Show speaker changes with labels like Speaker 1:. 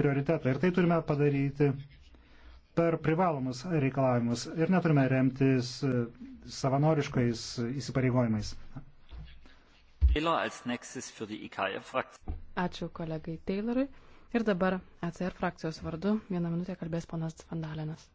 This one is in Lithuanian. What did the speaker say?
Speaker 1: prioritetą. Ir tai turime padaryti per privalomus reikalavimus ir neturime remtis e, savanoriškais įsipareigojimais.
Speaker 2: Ačiū kolegai Taylorui. Ir dabar ACR frakcijos vardu vieną minutę kalbės ponas Vandalinas.